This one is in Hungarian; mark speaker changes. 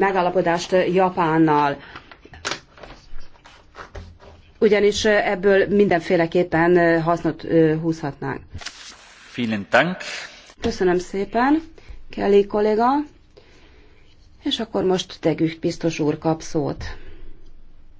Speaker 1: megállapodást Japánnal. Ugyanis ebből mindenféleképpen hasznot húzhatnánk.
Speaker 2: Vielen Dank.
Speaker 1: Köszönöm szépen, Kelly kolléga. És akkor
Speaker 3: most tegyük biztos úr kap szót.